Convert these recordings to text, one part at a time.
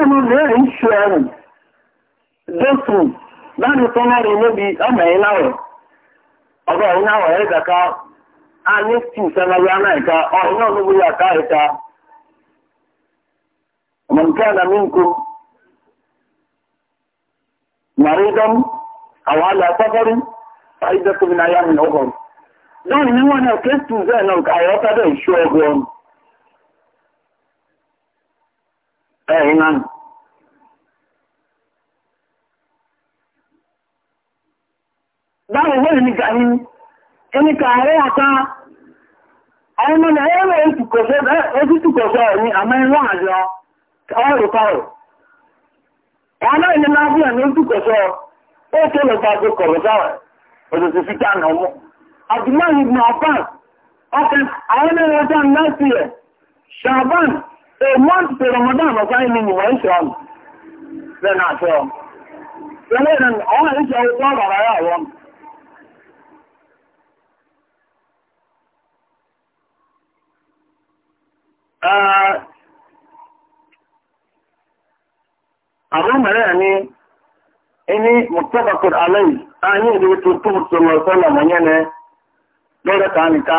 ẹ̀rù lẹ́rẹ̀ ń a ní tù sẹ́nàwé aláìka ọ̀rọ̀ náà ló wúyà ká ìta ọmọ nìkẹ́ àná mi ń kó màrídọ́m àwọn alẹ́ afọ́fọ́rí fàídẹ́kùnrin ayá mi lọ́gọ́rùn-ún lónìí wọn náà kéésù bẹ́ẹ̀ náà kàyọ́ ẹ̀yìn báwọn ìwé ìrìnkà ní kíníkà àta ẹ̀yìn na ẹ̀rẹ̀ ètùkọ̀ṣọ́ ní àmẹ́rin láàrin ọ̀rùkọ̀rù ẹ̀yìn náà ìlú ó tó lọ kọ̀rọ̀ sáwẹ̀ nà ọmọ àdìmọ́ ìgbìmọ̀ ọkẹ̀ àwọn A month to Ramadan was I mean why Islam? Then I saw. Then then all I saw was all that I want. Àwọn mẹ́rẹ̀ ni, ẹni mọ̀tọ́bàkùn aláì, a ní ìdíwẹ́ tó tó mọ̀tọ́lọ̀ ni lọ́rẹ́ ta nìká.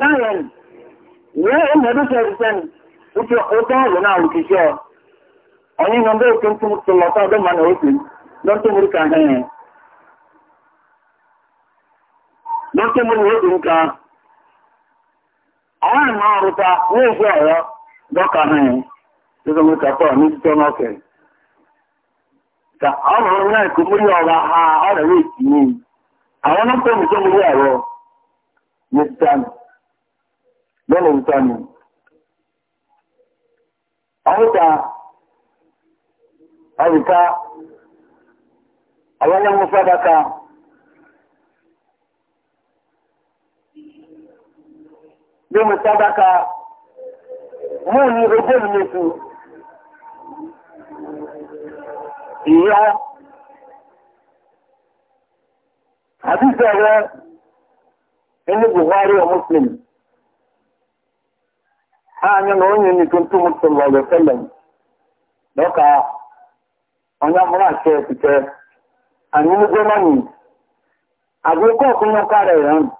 láàrin ìwé ìmọ̀dúnṣẹ́ ìṣẹ́ni ó ti ọjọ́ ọ̀rọ̀ náà wù kìí ṣe ọ ọ̀yìn náà bẹ́ẹ̀ tó ń tún tó lọ sọ́dọ̀ mọ́nà òkè lọ́tọ́ mú ká ẹ̀yìn lọ́tọ́ mú ní na ká àwọn ha ọ̀rọ̀ wẹ̀ lọ́nà ìta ni. Àríta, àríta, àwọn ọmọ sádáka, bí mo sádáka, mú ní ogó ìmẹ́sù, ìyá, àbíṣẹ́ rẹ̀, inú Buhari o Muslim. anya na onye nke tuntu mutum wa da sallam doka onya mura ce tike anyi ni goma ni abu ko kun kare yan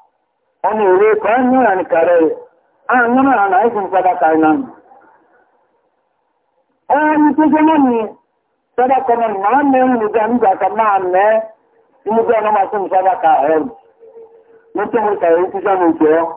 oni re ko ni na na ai kun sadaka nan ani to goma ma na ma sun sadaka ka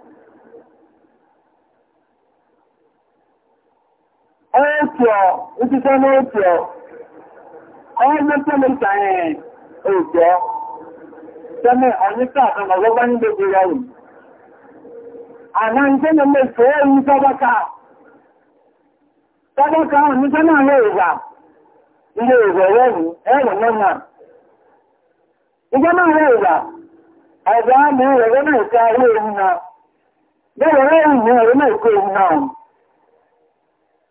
ẹ́ẹ̀tọ̀ ìtìsẹ́ ní ẹ̀tọ̀ ọmọ ẹ̀ òjò tẹ́lẹ̀ ọ̀nítà àtàmà ní gbogbo yàwó àmá ń tẹ́lẹ̀ mẹ́fẹ́ ẹ̀rù tọ́bọ́ká náà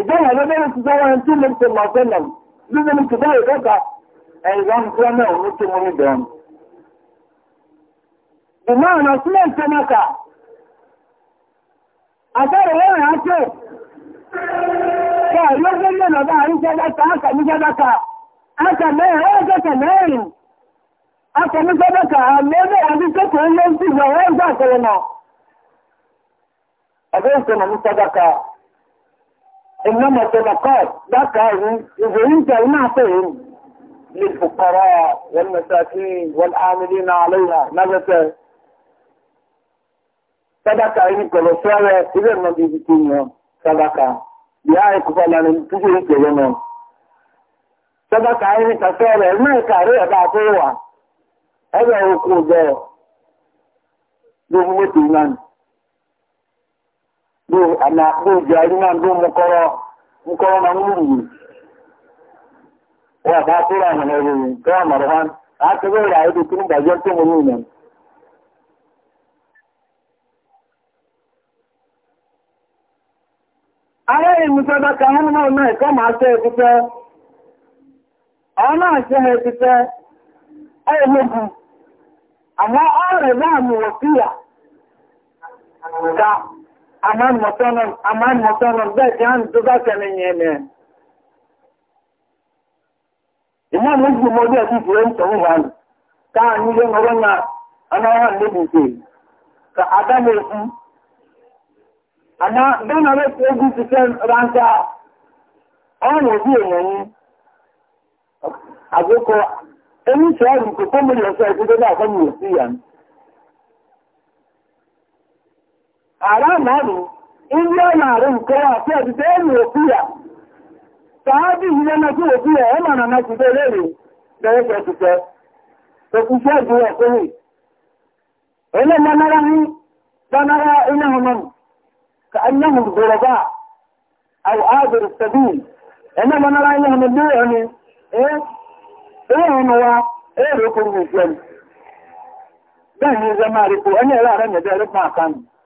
ìgbẹ́yìn ló mẹ́rin ti sọ́wọ́ ẹni tí mo ti mọ̀ sẹ́lẹ̀ lórí mi ti bẹ́ẹ̀ dọ́ta ẹ̀yìn ìwọ̀n náà ní tí mo ní bẹ̀rẹ̀. ìmọ̀ ọ̀nà sílẹ̀ ń tẹ́mọ́ta àtẹ́rẹ̀ lẹ́rìn áṣẹ́ kọ́ ìlọ́gbẹ́ lẹ́nà bá àríṣẹ́ dáta áṣà níṣẹ́ dáta áṣà mẹ́rin ọ́ọ́ṣẹ́kẹ̀ mẹ́rin áṣà níṣẹ́ dáta àmẹ́rẹ́ àdíṣẹ́kẹ̀ ń lé sí ìwọ̀n ẹgbẹ́ àtẹ́rẹ̀ náà إنما الصدقات ذكر يزيد ما فهم للفقراء والمساكين والعاملين عليها ماذا صدقة إن كل سنة إذا ما بيجتين صدقة يا إكفالا من تجري كلمة صدقة إن كسرة ما يكاري أبعثوها هذا هو كوزة لهم الإيمان do ana do jari na do mukoro mukoro na nguru wa ba tura na ne to marwan a ta go ra ido tun da jan to mu ne ara imusa da ka hun na na ko ma se kute ana se he kute ai mu amma ara za mu aman motonon aman motonon be can duba senin yeme ina mun mo da to ka ni le ngoro na ana ha ne ka ada ne ku ana ko ti an ko mo le ti da haram ahụ ndị ọ na-arụ nke a ọdịda enyi okwu ya ka ha dịghị na-emekwa okwu ya ọ mana nagide rere dere kọtụtọ okwukwe bụ ọkụghị onye manara hụ gbanara onye ahụ ka anya hụrụ goroba awụ adụrụ sabil onye manara anya hụ ndị ọnụ ee onye hụ ee rụkwuru n'ufe m bẹ́ẹ̀ ni ẹgbẹ́ máa rí kó aka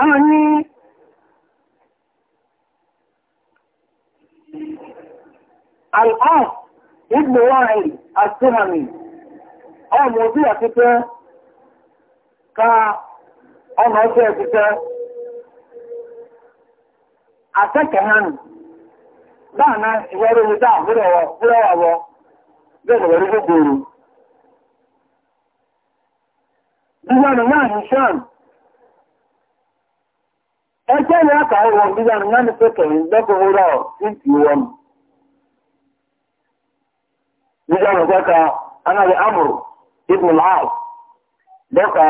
a ní al'ad ibn wa'il al-tuhami ọmọ bí a títẹ́ ka ọmọ ọjọ́ ẹ̀títẹ́ àtẹ́kẹ̀ hànù dáàna ìwọ́rọ̀ ìdá àbúrọ̀wọ̀ bẹ́ẹ̀ lọ̀rọ̀ gbogbo rú. Bí wọ́n náà ní ṣáàmù ẹgbẹ́ ìlú àkà ìwọ̀n bí i àná ní pẹ́kẹ̀ ìgbẹ́kọ̀ òwúrọ̀ ìtì wọn nígbà wọn kẹ́kà anáwó amúrù ibùn láàl dẹ́kà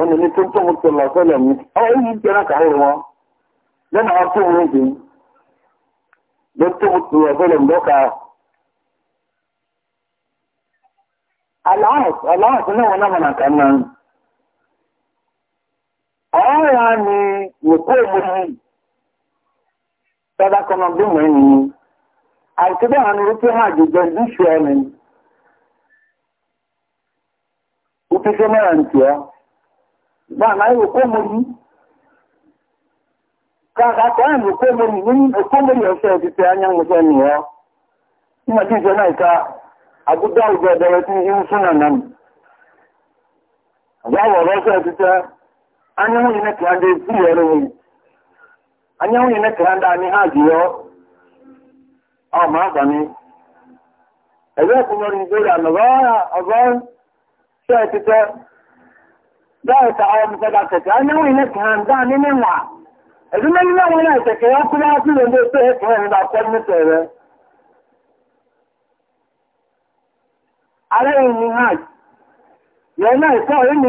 ọ̀nà ní tó tó mọ̀tò lọ́sọ̀lẹ̀ mi ọ̀rọ̀ yìí ń tẹ́lá kàwé wọn lẹ́nà wọn tó wọn jù ló náà wọn náà mọ̀ nà náà. ya ni wòkú èmòrì tọ́dá ẹni àti bí àwọn orí tí jùjọ ní ṣe ẹni òkú ṣe mẹ́rẹ̀ tí ọ́ gbà náà wòkú èmòrì káàkiri àwọn wòkú èmòrì ní òkú èmòrì ọ̀ṣẹ́ ti tẹ ọ̀rọ̀ ti tẹ́ anyanwụ yi na ndị esi were wei anyanwụ yi na kanda anyị ha yọ ọ ma abalị ebe e kwụnyọrọ igoro anọrọ ya ọzọ ọchịchọ etite bẹẹ ta ọmọ fẹdà tẹtẹ anyanwụ yi na anyị n'ịnwa e ọkụ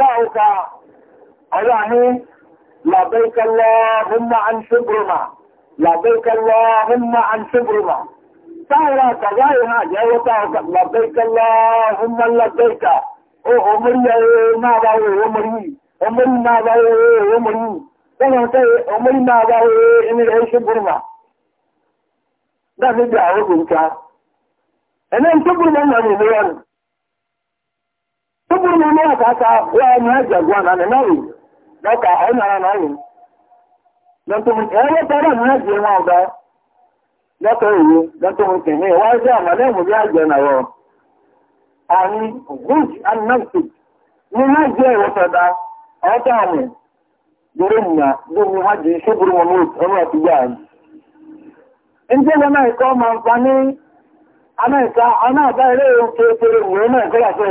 دعوك أياني لبيك اللهم عن شبرما لبيك اللهم عن شبرما تعالى تغايها جاوتا لبيك اللهم لبيك او عمري ما باو عمري عمري ما باو عمري كما تي عمري ما باو ده في دعوة انت أنا انت برما انا bụrụ na ime aka aka eji agwa na na nọrị dọka anyị nara nọrị na ntụmụ ka onye tara m ha ji nwa ọga dọka na ntụmụ na na anyị ji ewepụta amụ ha ji isi bụrụ m n'otu onye ọtụgbu anyị ndị nọ na-eke ọma mkpa ni anaghịka ọ na-aba ere nke ekpere mgbe ọ na-ekere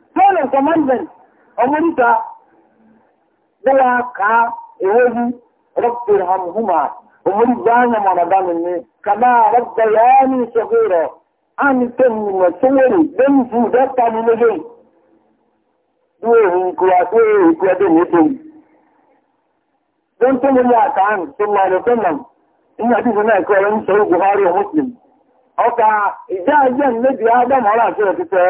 Pain and commandment ọmọ níta bẹ́ẹ̀ ká èwe yìí rọ́pò hàmùhùmà ọmọ nígbà ányà mọ̀nàdánù ni kàmá rọ́pò yàrá ní ìṣẹ́fẹ́ rẹ̀ á ní tẹ́mi mọ̀ sówórì lẹ́yìn fún ìdọ́ta ní lóde dúró òun kúrò àti èkú tó lè tó lọ rẹ̀ tó ní àdúgbò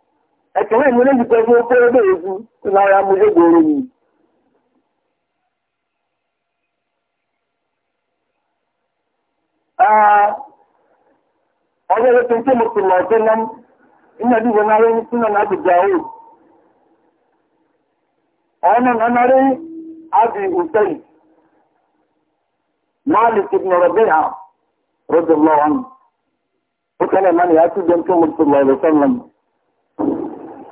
ẹ̀kẹ̀wé ìmúlẹ́jì pẹ̀lú ọkọ̀ ẹgbẹ́ ìgbú lára múlẹ́gbòrò yìí ọjọ́ ẹgbẹ́ tí mo ti mọ̀ ọ̀tẹ́ náà iná dìbò náà rẹ̀ sínú láti gbàáwò ọ̀nà náà rẹ̀ ábì ìtẹ́lì máa lè ti nọ̀rọ̀ bí i rọ́dọ̀ lọ́wọ́n ó kẹ́lẹ̀ mọ́ni àti ìjọ́ tí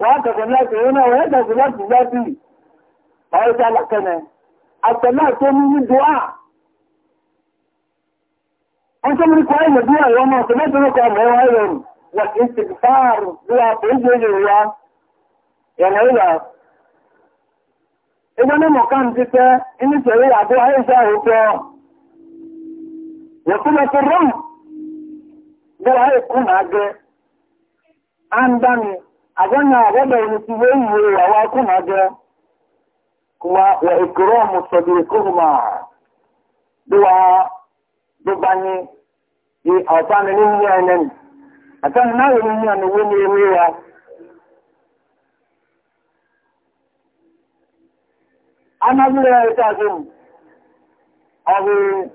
وأنت قلت هنا وأنت قلت ذاتي فهي تعلق كمان السماع تاني الدعاء أنت من كوين الدعاء وما سمعت لكم هو أيضا والاستغفار دعاء تيجي هو يعني هنا إذا أنا مقام جدا إني سأقول أدعاء إيشا هو وكما ترون دعاء يكون عجل عندني agana agada ونسي ويهي وواكم هذا كما وإكرام صديقهما دوا دباني di ọ̀tán ní ní ẹ̀nẹ́ ni àtàn náà ní ní ọ̀nà owó ní ewé wa anábìrẹ̀ ẹ̀ta fún ọ̀rẹ́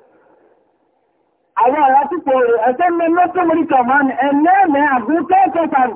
àwọn aláṣípò ẹ̀sẹ́ mẹ́lẹ́tọ́mọ́rí kọ̀mọ́ni ẹ̀lẹ́ẹ̀mẹ́ àbúkẹ́ kẹtàlù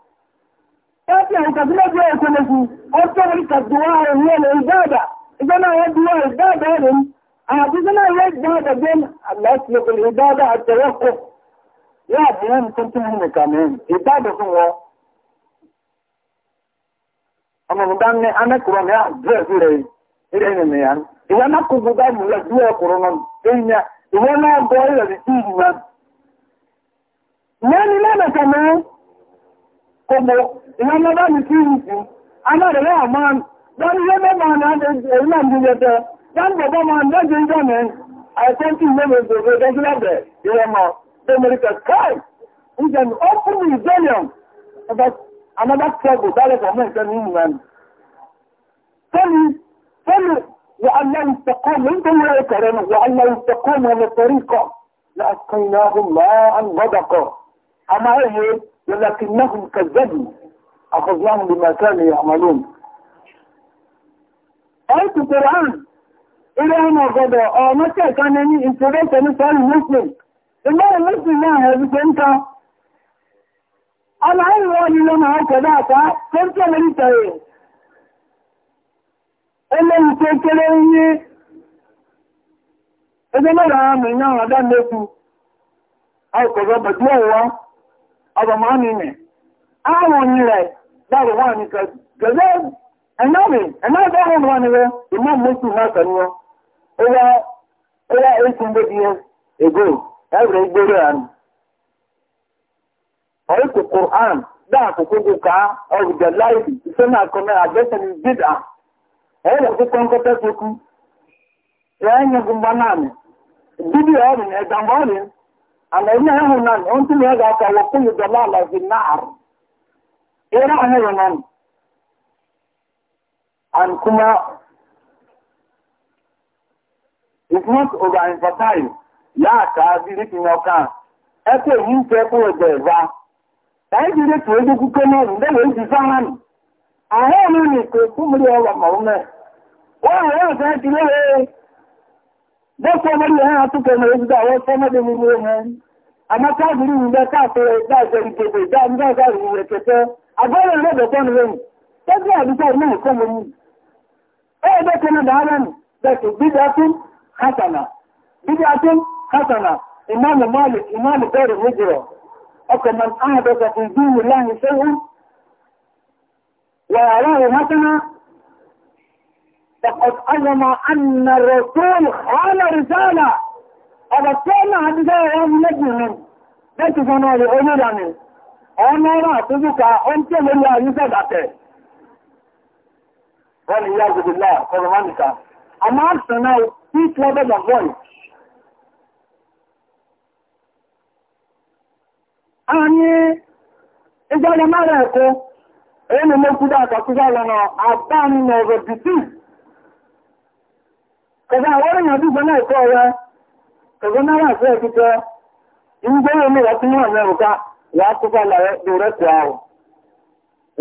Kafin hankazina biya ya kuma su, an ta a ruwa na ibada, ah, ya ibada ne, a ya ibada bin Allah su ibada dị tawakko. Ya biya mutum tun kamen, ibada Nani kamen, kòmò ìhànlọ́bá ní sí ìrìsì aláàrẹ̀lẹ́ àmán lórí yẹ́ mẹ́mà náà èyílà ní yẹtẹ dáńgbọ̀bọ́ máa lẹ́jẹ́ ìjọ́mẹ́ àìsẹ́ntì mẹ́mẹ́ gbogbo ẹgbẹ́gbẹ́ ìrẹmọ̀ demerica sky is an open rebellion about another struggle that is among the human tẹ́lì tẹ́lì وأن لا يستقوموا أنتم لا يكرموا وأن لا يستقوموا من الطريقة لأسقيناهم ماء غدقا أما إيه ولكنهم كذبوا أخذناهم بما كانوا يعملون آية القرآن إلى هنا غدا أو متى كان لي انتبهت لسؤال المسلم إلا المسلم لا هذا أنت أنا أي واحد لما هكذا كنت لي تهيه إلا يتكلمني إذا ما رأى من نوع هذا النسو أو كذا بدلوه ọgbọ̀mọ́ni nì àwọn onye rẹ̀ wà ní gẹ̀gẹ́ ẹ̀nàmì ẹ̀nàmì wà ní ìmọ̀ mọ́sù mọ́sàn ní ọwọ́ ẹ̀kùn bẹ́bí ẹgbẹ́ ẹgbẹ́ ìgbèrè àmì ọ̀ẹ́kùkù àn dáàkùkù gùkà ọ̀rùjẹ̀ láìsì على إنها هنا أنت لهذا توقي جلالة في النعر إيه رأينا هنا أن كما it's not overemphasized ya ka dịrị tinyoka eke yi nke kwụrụ ebe ka anyị jiri tụọ egwu kuke n'ọrụ ndị na eji zaa nụ ahụ ọrụ na ike kwụmụrụ ọrụ ma ume ọ hụrụ ọrụ ka ejiri bó sọmọdé ẹ̀hán àtúkọ̀ ọmọ ẹgbẹ́ àwọn sọmọdé nínú ẹ̀hán àmọ́ káàkiri ìrìnlẹ̀ káàkiri ìdájẹ́ ìdèbè dáadáa ìrìnlẹ̀ kẹfẹ́ agbọ́rẹ̀ lọ́dọ̀tọ́ ni lẹ́yìn tọ́jú àdúgbò náà kọ́ mọ́ yìí ẹgbẹ́ kan náà dáadáa nì bẹ̀tù bídàtún hasana bídàtún hasana ìmáàmù malik ìmáàmù bẹ̀rẹ̀ méjìlọ ọkọ̀ mọ̀ áhàdọ̀kọ̀ fún bí wùláhìn ṣẹ́wọ́n wà فقد علم أن الرسول قال رسالة أبطلنا حديثة يوم نجمهم بيت سنة لأولاني أنا لا تبقى أنت لله يسدعك والعياذ بالله قرمانك أما أرسلنا في level of voice إذا لم mara أنا èyí ni mo kúdá àtàkúdá lọ́nà àbáni ọ̀rọ̀ Ẹgbẹ́ àwọn èèyàn tó gbọ́nà ẹ̀kọ́ ọ̀rẹ́, ẹgbẹ́ náà àti ẹ̀kíkẹ́, ìgbẹ́ omi rẹ̀ tí wọ́n mẹ́rù ká, wà á kúkà lẹ́rẹ́ bí rẹ̀ tí àrùn,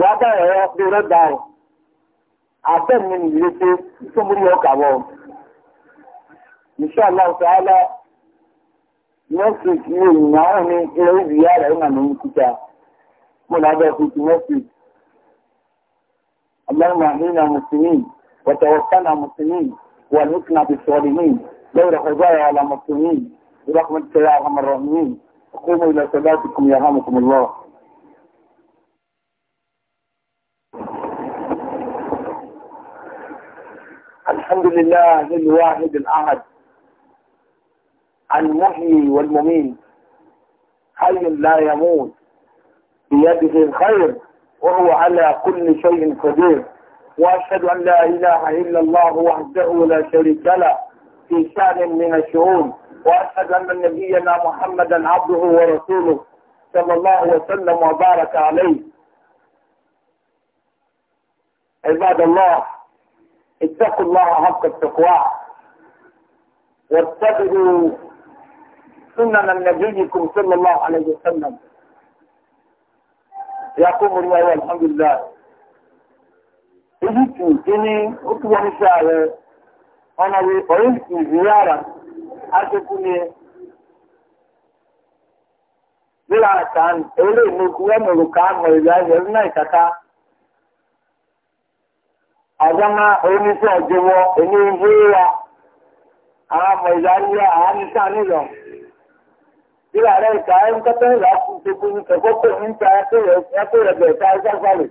wà á والمثنى بالصالمين غير حضايا على مصومين برحمتك يا ارحم الراحمين قوموا الى صلاتكم يرحمكم الله الحمد لله للواحد الاحد المحيي والمميت حي لا يموت بيده الخير وهو على كل شيء قدير وأشهد أن لا إله إلا الله وحده لا شريك له في شأن من الشؤون وأشهد أن نبينا محمدا عبده ورسوله صلى الله وسلم وبارك عليه عباد الله اتقوا الله حق التقوى واتبعوا سنن نبيكم صلى الله عليه وسلم يقوم الله والحمد لله ezi kíní ó kí wọ́n ṣe ààrẹ ọ̀nà ọ̀rẹ́sì ìrírà aṣojú eré ìmọ̀kú ẹ̀rú náà ìkàkà. oníṣẹ́ àwọn ọmọ ní àwọn níṣà nílọ. Rírà rẹ̀ ìkà ẹ̀ ń kọ́tẹ́ ìlà fún ìṣekú ní kò ní ta ẹ̀kọ́ rẹ̀ ẹ̀ṣẹ́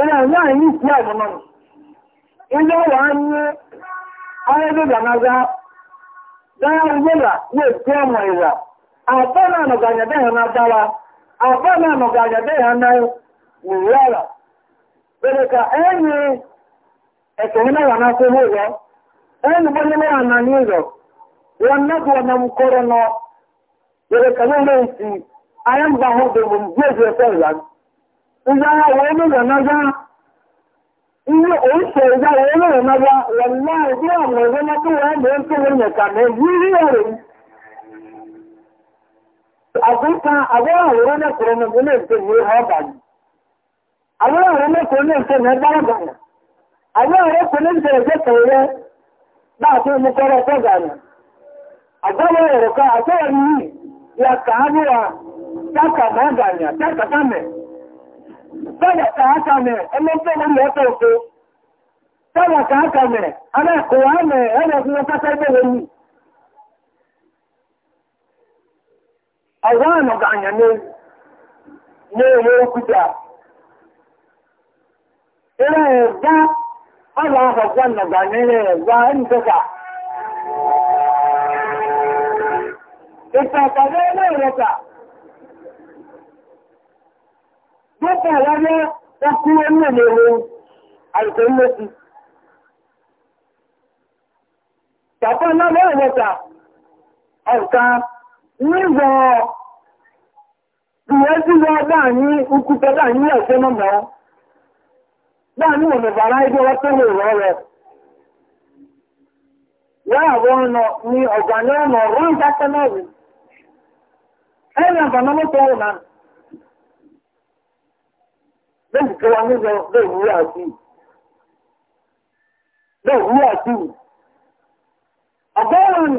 ìrìn àjá ìlú ìsí àìmọ́mọ́ ilé wà ń ní ayébẹ̀gbàmágá dára ọmọ ya àpọ́ náà nọ̀gànyẹ̀dẹ́ ìhànà dára àpọ́ náà nọ̀gànyẹ̀dẹ́ ìhànà ìrẹ́rà bẹ̀rẹ̀ ka ẹni ẹ̀kẹ̀ nínú wà náà tó lóòrọ̀ ẹni bọ́ nínú ìyáwó onírànlọ́gbá ilé oúnjẹ ìyáwó onírànlọ́gbá lọ́lá ìdí àwọn ìrọ́lá tó wọ́n mọ̀ ń tó wọ́n mẹ̀ta mẹ́ yìí a rẹ̀ tọ́lọ̀kà ákà mẹ́ ẹlẹ́gbẹ́ lórí ya àwọn ànàgbà àyàn ní èrè òkúta ilẹ̀ ẹ̀gbá ọlọ́ ọ̀pọ̀ ànàgbà ní ilẹ̀ ẹ̀gbá ẹnìkẹta ìtàkàlẹ́ ilẹ̀ ẹ̀rẹ́ta Tupu wabịa na tinye nne na-enwe alụkọ mmesi. Papa na mụ enweta ọka n'ịgwọ ihe ezigbo ọgba anyị ukwute ọgba anyị na-ese nọmba ọ. Ọgba ebe ọrụ. Ya ni lóòrù tó wá nílọ lóòrù rí àti lóòrù rí àti ọgọ́rùn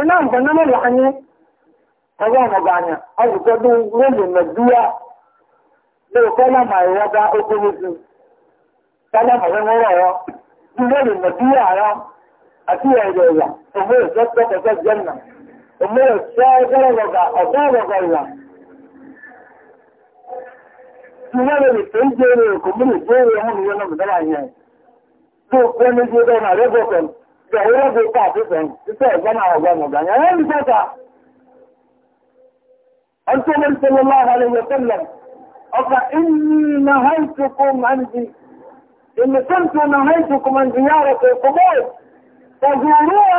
iná ìgbànámọ̀lá anyi ọgọ́rùn ọba anya ọgùkọ́ ló lóòrù mẹ́dúwà lóòkọ́ lámà ìwọ́dá ogologo sálámà wẹ́wọ́rọ̀ ọ́ lóòrù mẹ́dúwà rọ àti ẹ̀rọ ìyà òmùrẹ̀ Nígbàlẹ̀ lè tó kò kò bọ́. Tọ̀gùrúwà.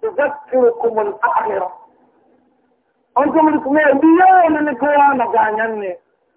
Tùzẹ́kìrì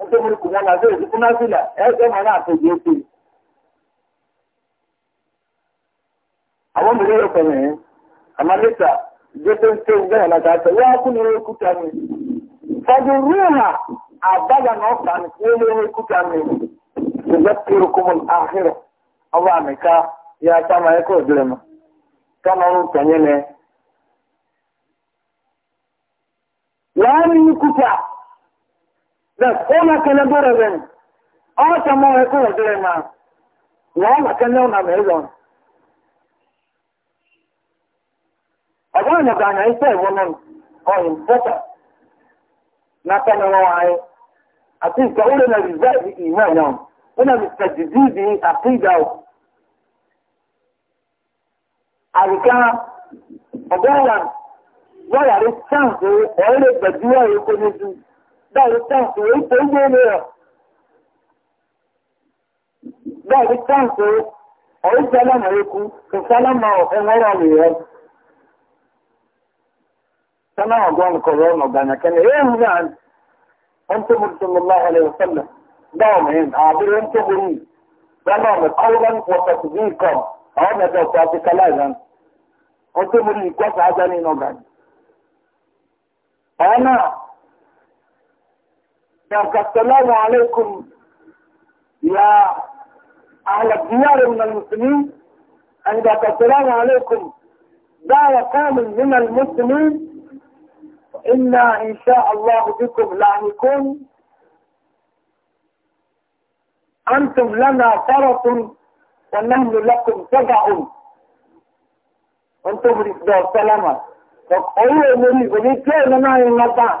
nítorí mo kù lọ́la lórí ìdíkú náà sílẹ̀ ẹ̀ẹ́dẹ́ máa náà tó di ètò. àwọn mi lérò pẹ̀lú yẹn àmọ́ lẹ́tà jẹ́tẹ́ ń tẹ́ láti àtẹ wọ́n kú ní orí kúta mi. fọdù rúhà àbájá náà kà ní orí orí kúta mi. ṣùgbọ́n kí àhírọ̀ àmì da kona kana bara ren a ta mo e ko de ma wa ma kana na me ron aga na ga na ise wonon o in bota na ta na wa ai ati ka ule na vizazi iman yao una mistajididi akida o alika ọgbọ́n wa wọ́n yàrá sáǹsì ọ̀rẹ́ gbẹ̀dúwọ̀ èkó níjú Báyìí táǹkì orí sálámà ikú, kò sálámà ẹ̀wọ̀n rà Sálámà gbọ́n kọ̀rọ̀ ọ̀nà ọ̀gbàna kẹ́lẹ̀. Èyí ń rà ń tó mú na Ọ̀nà ذاك السلام عليكم يا أهل الديار من المسلمين أن ذاك السلام عليكم دار كامل من المسلمين إنا إن شاء الله بكم لاهقون أنتم لنا فرس ونحن لكم سبع أنتم رسول سلامة وقالوا لي ولكي لنا ينبع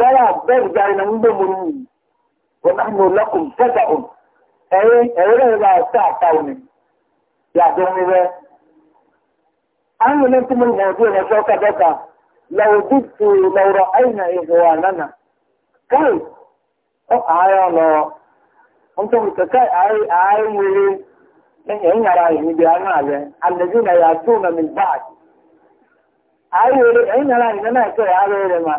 yàrá bẹ́ẹ̀ na ń gbé mu ní yìí náà ní ọlọ́kùn tẹ́tà ọ̀n ẹ̀rí ẹ̀rí ọ̀tá àtà òní yàtọ̀ ní rẹ̀. àwọn ẹni tí mo yàn fún ẹ̀rọ sọ́kà dọ́kà lọ́wọ́ lọ́wọ́ ẹ̀yìn ọ ọ̀nà ẹ̀yìn ìhìn bí rẹ̀ náà nà mí ẹ̀yìn ìhìn náà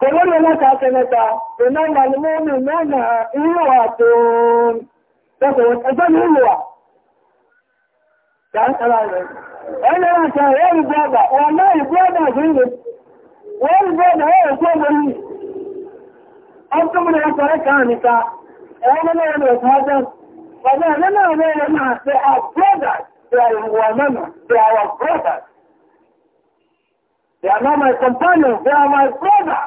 Kòlórí ọlọ́ta tẹ́lẹ́ta, ìnáwà ni mọ́ mi mẹ́nà ìrìnwà tó ń tẹ́kọ̀ọ́ ẹgbẹ́ ni ìrìnwà. Dáńtàlá ya Ẹni ya rẹ̀ ìgbọ́ ọ̀gbà, wọ́n náà ìgbọ́ ọ̀gbà ìgbìyànjú. Wọ́n ìgbọ́ ya ẹ̀rẹ̀ tó mọ́ yìí. Ọkùnrin ya rẹ̀ ya níta, ya náà ya ọ̀tọ̀ ya no, ya no, ya no, ya are ya They ya women. ya are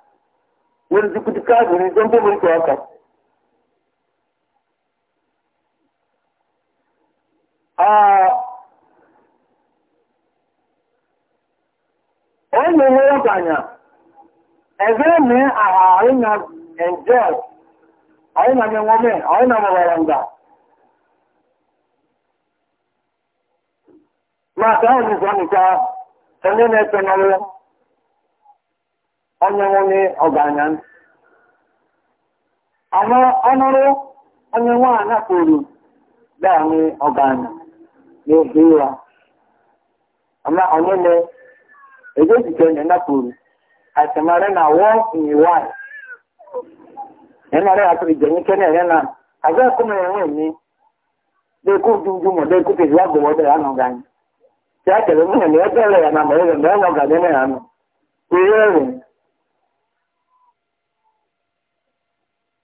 wani zukutu kafiri don bai mulki haka a wannan yawon banya ẹgbẹ́ mi àárín na enjoy àárín na mẹ́wọ́n mẹ́ àárín na mọ̀wàràǹgà máa tàà òjìsọ́ nìta ẹni mẹ́tẹ̀ náà onye ọganya ama ọnụrụ onye nwaanyị kwuru daanị ọganya n'oge ụra ama onyele ego echiche onye nakwuru asemara na wọ nyiwa yana rẹ atọ ìjẹ yín kẹ́nẹ̀ rẹ náà ya ẹ̀kọ́ mi ẹ̀wọ̀n mi bẹ́ẹ̀ kó dundunmọ̀ bẹ́ẹ̀ kó tètè wá gbọ̀wọ́ bẹ́ẹ̀ lánàá ọ̀gá na tí a tẹ̀lé ya na ẹgbẹ́ rẹ̀ yànnà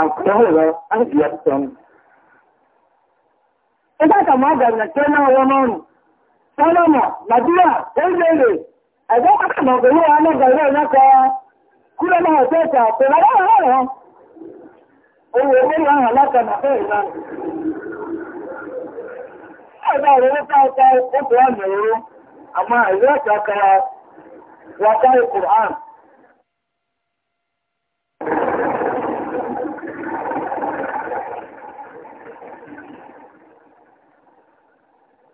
àkùnrin rẹ̀ láti yẹ sọ́nù. Nígbà tó máa dàgbà tó náà wọ́n mọ́rùn-ún, Sọ́lọ́mọ̀, Màdúrà, Ẹ̀rẹ́rẹ́, ẹ̀gbọ́n pàtàkì pẹ̀lú ọlọ́gbà ilé ìlẹ́kọ̀ kúrò náà ọ̀tọ́ ìta pẹ̀lú ọlọ́rọ̀ rẹ̀. Owó orí àwọn alákanà fẹ́ ìlà. Ẹ̀gbà òróró káàkiri ó tó ọ̀nà òróró, àmọ́ àìlú ẹ̀kọ́ kẹra wọ́n kárí Kùrán.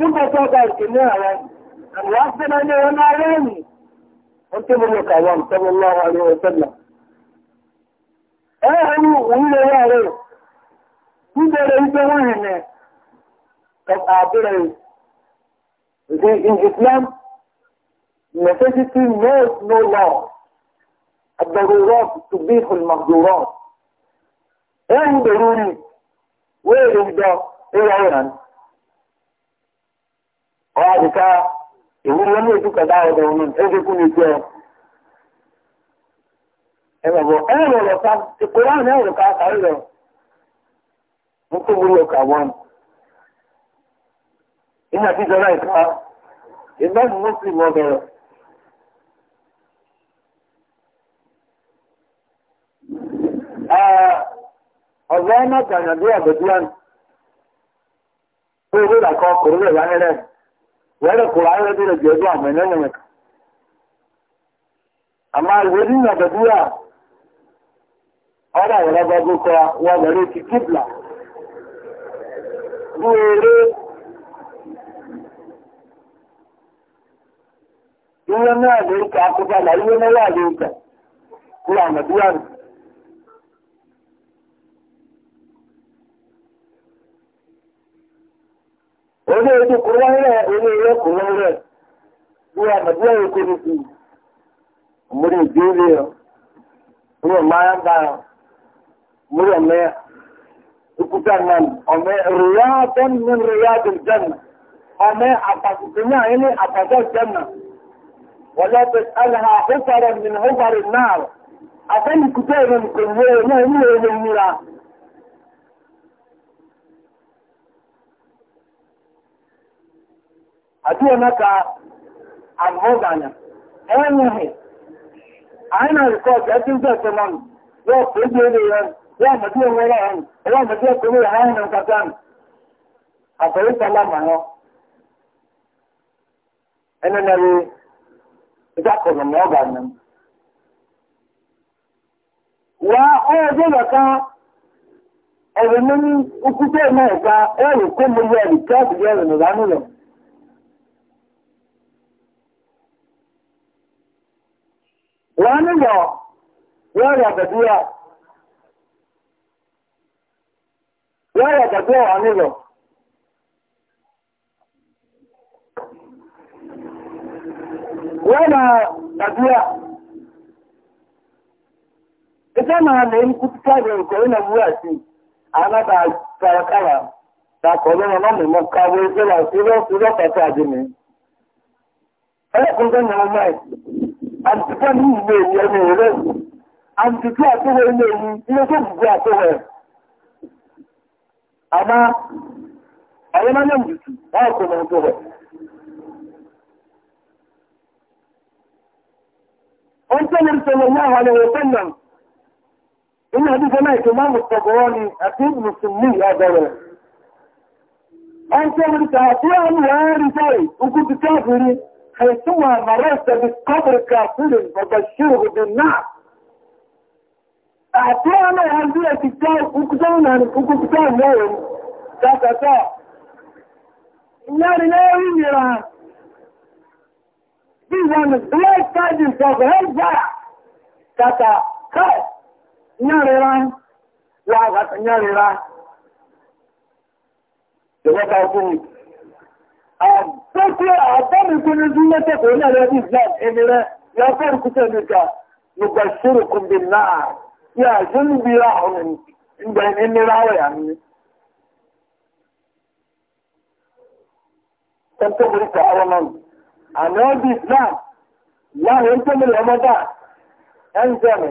ثم تقدر كنا الواصل أن ينعلم أنت من القوام صلى الله عليه وسلم أهل وإلى يعلم كنت رئيس وهنا قد أعطي إن الإسلام نفسك الناس نو الله الضرورات تبيح المهدورات أهل ضروري وإهداء إلى إيران ọwọ́ àdìká ìwé wọn ní ètò kẹta ọ̀dọ̀ ọ̀nà ẹgbẹ́ kú ní ìjọ ẹgbẹ́ bọ̀ ẹ rẹ̀ rẹ̀ ká ní mú kó ọkà wọn. ìjọba ìka ìgbà bẹ̀rẹ̀. ọ̀gá ẹ̀ ní. ìwé ìlàkọ̀ rẹ̀ wẹ́rẹ̀ kòrán rẹ̀ na jẹ́ ọdún àwọn na ẹ̀ka àmà ìwé ní nàbẹ̀dúrà ọ̀rọ̀ àwọn ọlọ́gbọ́gbọ́ kọ́ wọn bẹ̀rẹ̀ ti kíbla na náà lè ń náà Orí ojú kò wọ́n rẹ̀, orí ẹ̀rọ kò wọ́n rẹ̀. Bí a mọ̀ díẹ̀ kò ní sí. Múrí ìdí ilé ọ̀. Múrí ọ̀ma ya ń bára. Múrí ọ̀mẹ́ ya. Ìkúta náà ọ̀mẹ́ rìyá tó ń mú rìyá tó jẹ́nà. Ọ̀mẹ́ àpàtìtì náà ilé àpàtọ̀ jẹ́nà. Wọ́lá tó alha hófàrọ̀ nínú hófàrọ̀ náà. Àfẹ́ ìkúta ìrìn kò wọ́ adịghị eme ka abụọ anya enweghị anyị na-rekọd ebe ndị ya ọkụ eji ere ya ya ọmọdé onwere ya ya ọmọdé ekele ya ha na nkata m abụrịtala ma ha enenere ịgakọrọ m ọ wani wa yara gaduwa yara gaduwa wani wa yara gaduwa ita ma na yi kututa da nkori na buwa si a na ta karakara ta kọlu na mọ mọ kawo isi na siro siro fata ajini ẹlẹkùn tó nà ọmọ ẹsẹ àtìkà ní ìgbè ìyẹnu rẹ̀ àtìkà àtọwẹ̀ ilé yìí ilé tó gbogbo àtọwẹ̀ àmá àyẹ́mánà mùtù láàkó mọ̀ àtọwẹ̀ wọ́n tẹ́lẹ̀ tẹ́lẹ̀ ní àwọn ẹ̀wọ̀ tẹ́lẹ̀ inú àdúgbò náà ètò máa ń ni àti حيثما مررت بالقبر كافر فبشره بالنعم أعطينا هذه الكتاب وكتابنا وكتاب نوم تاتا النار لا يميرا إذا نبلاك تاجل كافرين فرع تاتا كاي نار إيران وعغت نار إيران تبقى أقول Sọ́kúrò àbọ́mìkúnni dúnlẹ́tẹ̀ kò ní ẹ̀rọ Islam ẹnìrẹ́ yọ fẹ́ ya nìkà nígbà ṣírò kùn bí ya yà àjọ́nù bí i àwọn ìgbà ẹnìrẹ́ àwọ̀ yà ní. Tẹ́ntẹ́ bí ìkà àwọn náà. Àmì ọdí Islam láàrin tó mi lọ́mọdá ẹnjẹ́mi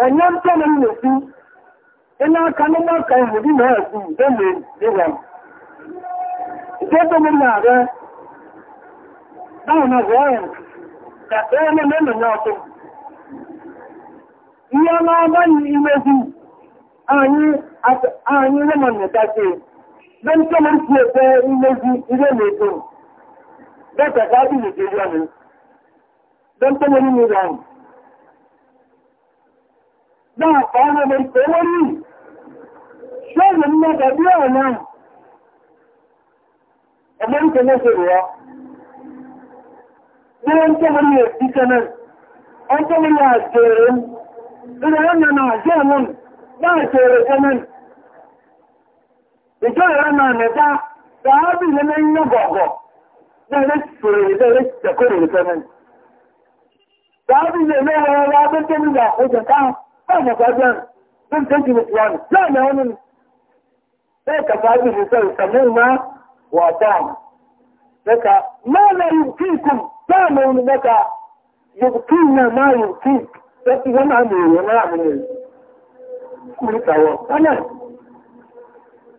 enye mpena m na-ekwu ịna aka na na na ka na emenye ọkụ ihe na-agbaghị imezi anyị anyị lema nnetasị dị nke m si ete imezi ihe na-eto náà kọ́nà lè pè wọ́n ní ṣọ́nà ní ọjọ́ bí ọ̀nà ẹgbẹ́rún tẹ́lẹ̀ ṣe ya bí wọ́n tẹ́ wọ́n ní ẹ̀sí tẹ́lẹ̀ wọ́n tẹ́ wọ́n ní àjẹ́rẹ́ na. ọ̀nà náà jẹ́ lẹ́lẹ́ iná lẹ́lẹ́ ṣòro lẹ́lẹ́ ṣẹ̀kọ́rẹ̀ tẹ́lẹ̀ tààbí lẹ́lẹ́ wọ́n فاهمة فاهمة من تنجي بطلاني لا ما هون ذاك فاهمة الإنسان سمعنا وأطعنا ذاك ما لا يبكيكم فاهمة ذاك يبكينا ما يبكيك ذاك وما عمل وما عمل كل سوا أنا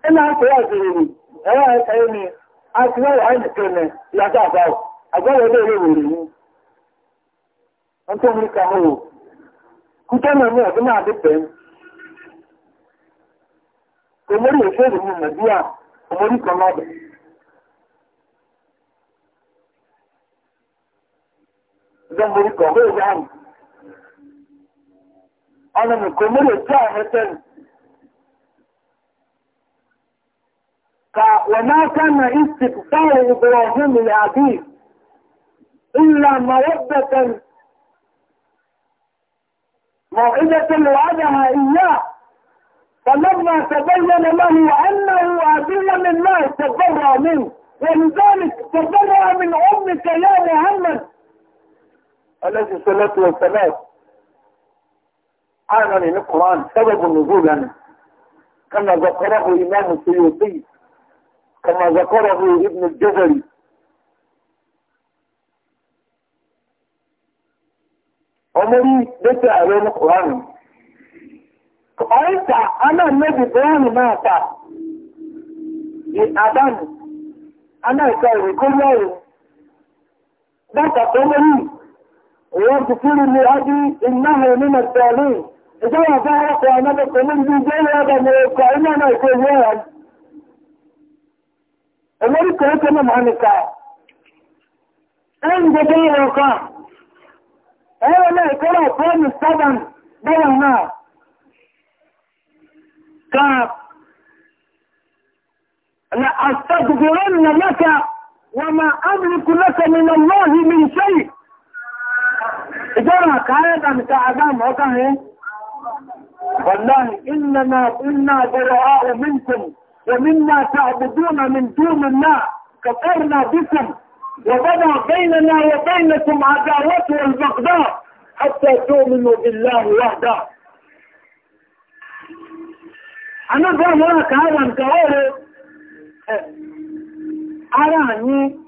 أنا أتواصلني أنا أتواصلني أتواصل عن الكلمة لا تعرف أقول له ليه وليه أنتم لك هو kúkẹ́nà ní ọdún máa dé pẹ̀lú omori òṣèrè ní nàìjíríà omori kan lọ́dọ̀ ìjọmori kan ló yá nù ọ̀nà nìkan omori òṣèrè àhẹ́tẹ́ nù ka wọ́n na موعدة وعدها إياه فلما تبين له أنه أبي من الله تبرع منه ولذلك تبرع من أمك يا محمد عليه الصلاة والسلام أنا من القرآن سبب نزولا كما ذكره إمام السيوطي كما ذكره ابن الجزري ọmọrí lẹ́sẹ̀ ààrẹ ní kùránì ọ̀rẹ́ta anáàmẹ́bì kùránì máa ta di àdánù anáàkà ìrìnkúnlọ́rù dákàtọ̀ mọ́rí èyàn ti fúrú ní ọdí ìnáhà nínú tẹ̀lú ìjọba fún ọkọ̀ anábẹ́kọ̀ ẹ̀rọ lè kọ́rọ̀ fọ́ọ̀mù sábàn bẹ́rẹ̀ náà كاف لأستغفرن لك وما أملك لك من الله من شيء إجرى كايدا كعدام وكهي والله إننا إنا براء منكم ومما تعبدون من دون الله كفرنا بكم وضع بيننا وبينكم عداوة والبغضاء حتى تؤمنوا بالله وحده أنا بقى مراك هذا مكواري أراني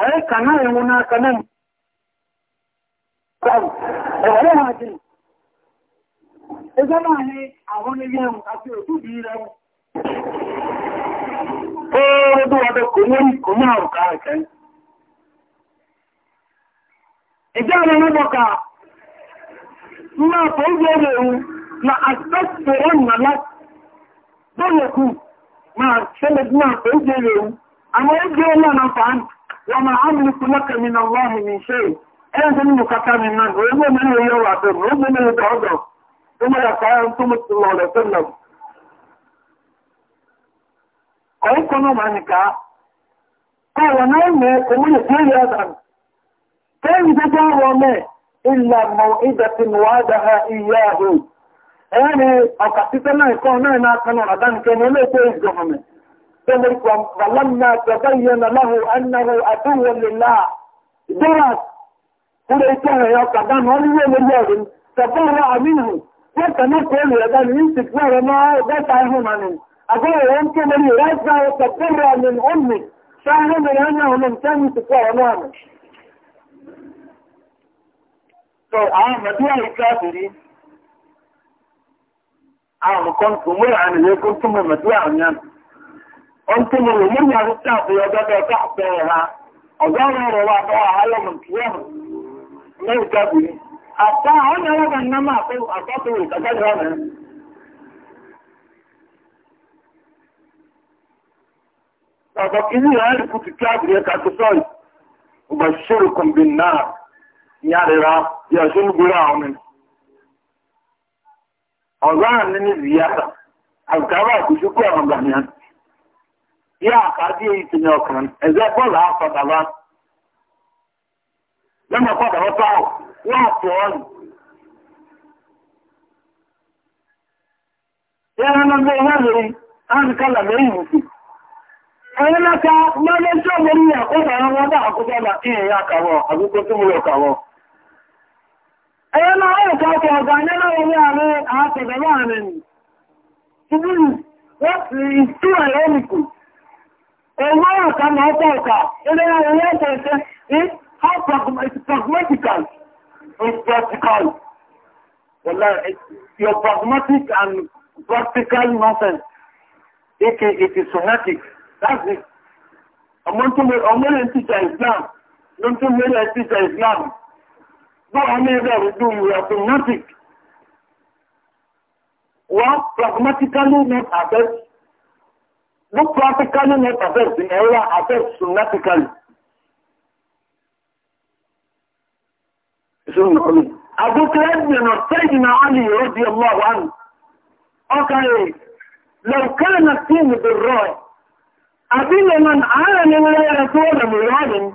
أي كنا يمنا كنا أراني دي إذا ما هي أهوني يوم أفير تديرهم Oòrùn ọdọ́ kò ní kò ní àrùkà àkẹ́. ìjáàrẹ nígbọ̀ká ka tó ń gbé ewu na àtẹ́sẹ̀ ọ̀nà láti bóyẹ̀kú máa ṣẹlẹ̀ máa tó ń gbé ewu fàán wọ́n na lọ́hìn mi náà orílẹ̀ mẹ́rin máa náà mẹ́ e gbogbo ọ̀rọ̀ mẹ́ ịla ìdẹ̀tìmọ̀ àdáha ìyáhù ẹ̀rù ọ̀kàtítẹ́ náà kọ́ náà náà kanáà àdánikẹ́ ní akọ ìjọmọ̀mẹ́ tẹ́lẹ̀kọ́ bàlámà tẹ́bẹ̀yẹn aláhù annáhù àdúwò lèlá ìdọ́rà so àwọn mẹ́tíwá yìí káàkiri àwọn kan tó mú àwọn ìwé tó mú mẹ́tíwá yẹn wọ́n tó mú ìwé yẹn kó káàkiri ọjọ́ tó káàkiri ọ̀rá ọ̀gá ọ̀rọ̀ ọ̀rọ̀ wa bá àhálọ̀ mẹ́tíwá lẹ́yìn rí yashin gura wani ọ̀gbọ́n ní ní ziyara àgbàbà kò sí kú ẹ̀rọ gbàmíà yá àkàdé ìtìní ọkàn ẹ̀zẹ́ bọ́ọ̀lù àfọ̀dàbà lẹ́nu ọ̀fọ̀dàbà tó àwọ̀ wọ́n àpò ọ̀nù yẹ́n ní ọjọ́ ìwé lẹ́yìn ẹ̀yẹ́ máa rẹ̀ kọ́kọ́ ọ̀gá nínú orí ààrẹ àátẹ̀bẹ̀rẹ̀ ààrẹ nì ṣùgbọ́n wọ́n ti ìtú ẹ̀rẹ́ nìkù ẹ̀wọ́ ọ̀ká máa tọ́ ọ̀ká ilé ẹ̀rẹ́ ẹ̀ẹ́sẹ̀ is how pragmatical is practical well, your pragmatic and practical nonsense it, it is fanatic that's it ọmọ tó mẹ́rin tíjà Islam ló tó mẹ́rin tíjà Islam though I may well do, you are fanatic. Well, pragmatically not affect, not pragmatically not affect, the area affects sunnatically. Abu Talib bin Sayyidina Ali radiyallahu anhu okay لو كان الدين بالرأي أبي من عالم ولا يكون مراد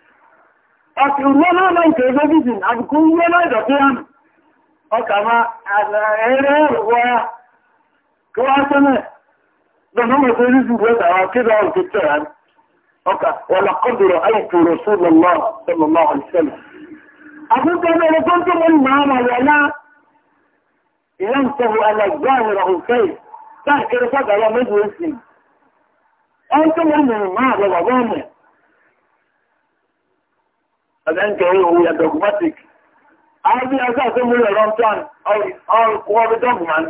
ọkà mọ́lá náà kò ẹgbẹ́ jíjìn àbùkú mọ́lá ìdọ̀kú wọn ọkà ma ẹ̀rẹ́ ẹ̀rọ ya kí wọ́n sẹ́mẹ̀ lọ́nà mọ̀kọ́ ríjù rẹ̀ta àwọn akéde àwọn òkè tẹ̀rẹ̀ rẹ̀ ọkà wọ́lá kọ́dùrọ̀ àìkú rọ̀súlọ́lọ́ sọ́lọ́lọ́ ọ̀sẹ́lẹ̀ àkókò ẹgbẹ́ tó ń tó mọ́ ìmọ̀ àwọ̀lá ينتهي على الظاهر أو الخير تحكي رفض على مجلس أنتم أمهم ما هذا وضامه ẹ̀lẹ́ǹkẹ̀ ohun yà a bí ẹgbẹ́ tó múlẹ̀ rọ́ntán ọkọ̀ dogman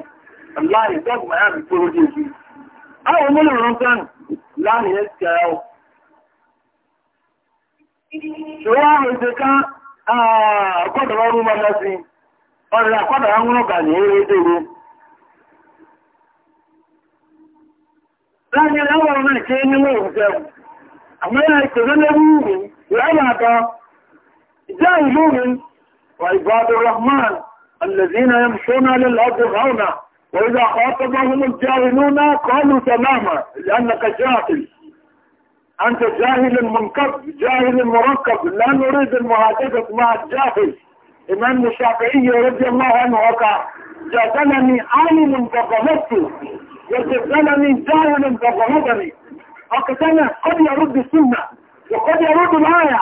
láàrin dogman yà mí tó ó dé ìlú. àwọn múlẹ̀ rọ́ntán láàrin ẹ̀sẹ̀ ẹ̀ àwọn ìṣẹ́ká àkọ́dọ̀wọ́ rú mọ́ lọ́sí ọ̀rẹ́ àkọ́dọ̀wọ́ ń rọ̀gà ní eré dèrò láàrin àwọn ọmọ ìṣẹ́ níwọ̀n ìṣẹ́ المؤمن وعباد الرحمن الذين يمشون على الأرض هونا وإذا خاطبهم الجاهلون قالوا سلاما لأنك جاهل أنت جاهل منكب جاهل مركب لا نريد المحادثة مع الجاهل إمام الشافعي رضي الله عنه وكا جادلني عالم فغلبته وجادلني جاهل فغلبني أقتنع قد يرد السنة وقد يرد الآية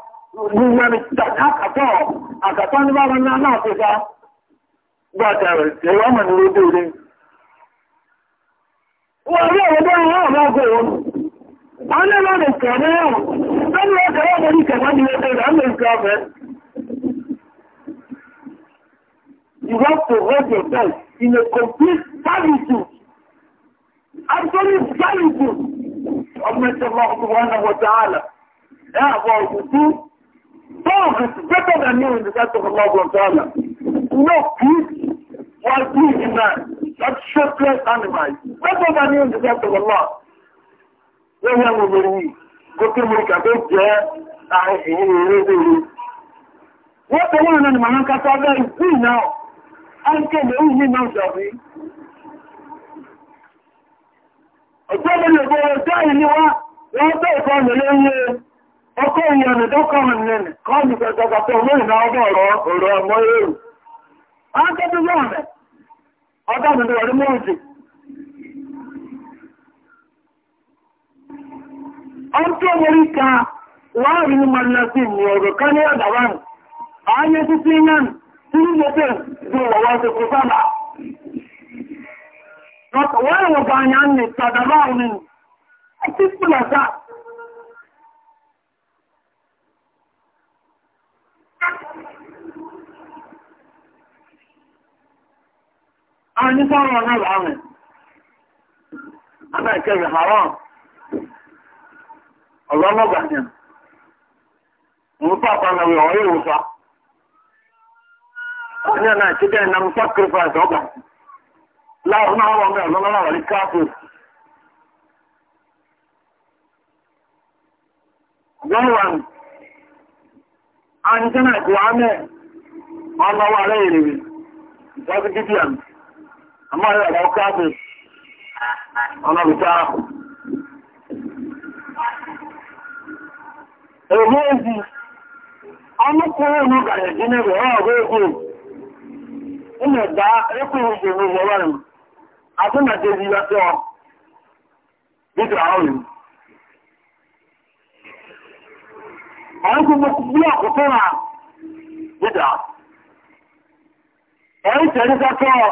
Gbogbo àkàtọ̀ àkàtọ̀ ní bá wọn náà fífá gbàtà rẹ̀ ẹ̀rọ ọmọ ni ó dèrè. Wọ́n rí ọ̀rọ̀dọ́ ọ̀rọ̀ ọ̀rọ̀ ọgọ́ òun. A ní lọ́rẹ̀ kẹ̀rẹ́ ọ̀rọ̀ lọ́rẹ̀ ọ̀rọ̀ ọmọ ní kẹ̀rẹ́ ní ẹgbẹ̀rẹ̀ àmì ìkẹ́ ọ̀fẹ́. You have to hold yourself in a complete servitude, absolute servitude of Mr. Allah subhanahu wa ta'ala. Ẹ àbọ̀ òkùnkú Those is better than you in the sight of Allah No peace, while peace in man. That shapeless animal. Better than you in the sight of Allah. Wọ́n yẹ́ mo lórí gòkè mo kà tó jẹ́ àìsí eré lórí. Wọ́n tó wọ́n náà ni màá ń ká sábẹ́ ìpín ìná àìkéde òun ní náà ṣàbí. Ọ̀tọ́ mi lè gbọ́ ọjọ́ ìníwá, wọ́n ọkọ̀ ìyànà dọ́kọ̀rọ̀ nìyàn kọ́ọ̀lù pẹ̀tẹ̀kọ̀tẹ̀ olóòrùn náà ọgbọ̀ ọ̀rọ̀ ọ̀rọ̀ ọmọ èrò. a ń tẹ́bí yọ́ rẹ̀ ọdọ́mìnà rẹ̀ mọ́ òjì ọ́n tó mọ́rí ka láàrin mọ́lẹ́sìn ní ọ̀rọ̀ kan ní ọ̀dàwárùn ààyè títí náà tí ní lẹ́tẹ̀ bí wọ́wọ́ ti kò sábà wọ́n wọ́n bá yán anyị sọrọ ọhụrụ ụlọ ahụ na nke gị haram ọzọ ọmọganye nwụta akwa na wee ọyị wụsa onye na-achịkọ na m sacrifice ọba laahụ na ọrụ ọmụ ọzọ na ọrụ kafir gọwan anyị sọ na-ekwu amị ọnụ ọrụ eriri amma yana da kafin ana ahụ. ebe ezi ọmụkwụrụ ụmụ gara jini bụ ha ọgụ ekwu ụmụ daa ekwuru ji eme ụzọrọ atụ na jezi ya tọọ dịka ọrụ ọrụ kwụkwụ ọkụtụ na dịka ọrụ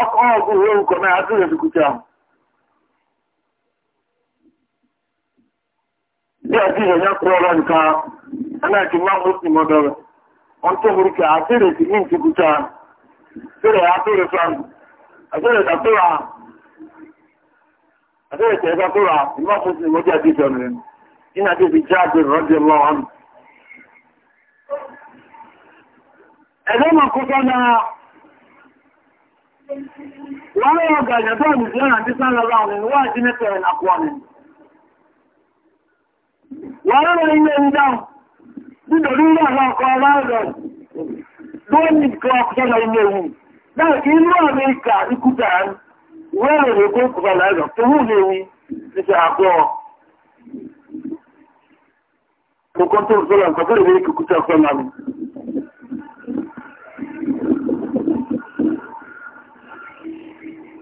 ọkọ̀ ọgụ ihe ukọ̀ náà adúlẹ̀ dùkúta bí ẹ̀sí ìrẹ̀yẹ́ kúrọ̀rọ̀ nǹkan aláàkì máa mú sí mọ́dọ̀rọ̀ wọ́n tó mú ríkà àtẹ́rẹ̀ sí ní ìtìkúta tẹ́rẹ̀ àtẹ́rẹ̀ Wọ́n ga ìjọba ìmùsùlùmí àti sálọ́lá ọ̀rìn wọ́n àti mẹ́tẹ̀rẹ̀ àpọ̀ọ̀nì. Wọ́n rọrọ ilé ìdáhùn, nítorí ilé ọkọ̀ ọlọ́rọ̀ tó ní kọ́ ọkọ̀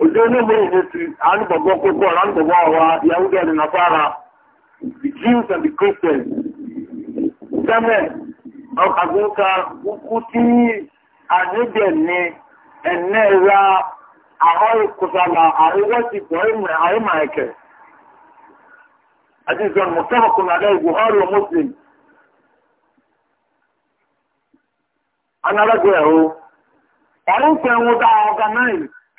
Ojone made the Jews and the Christians. Same, Okagunka, Ukuti, Anubene, and Nera, Ahoy Kusala, Ahowati, Bohem, Ahimaike. That is on Mustafa Kunade, Buhari, a Muslim. Another girl. I don't care what I organize.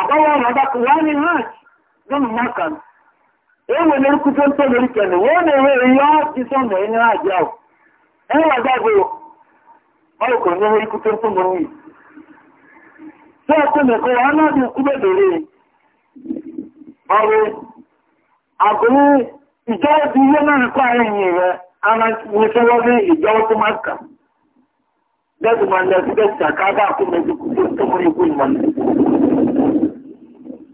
àbáwọ̀ ọ̀nàdàkù wà ní hajj lọ́nà ọ ewu ní rúkútó tó lórí kẹ̀lú wọ́n lè rẹ̀ yọ́ ti sọ́nà ẹni hajj àwọ̀ ẹwà dágbé ọkọ̀ ní rúkútó tó lórí yìí tó ọkọ̀ nìkan wà ìjọ náà kọ́ rẹ̀ ní ìjọ máa kà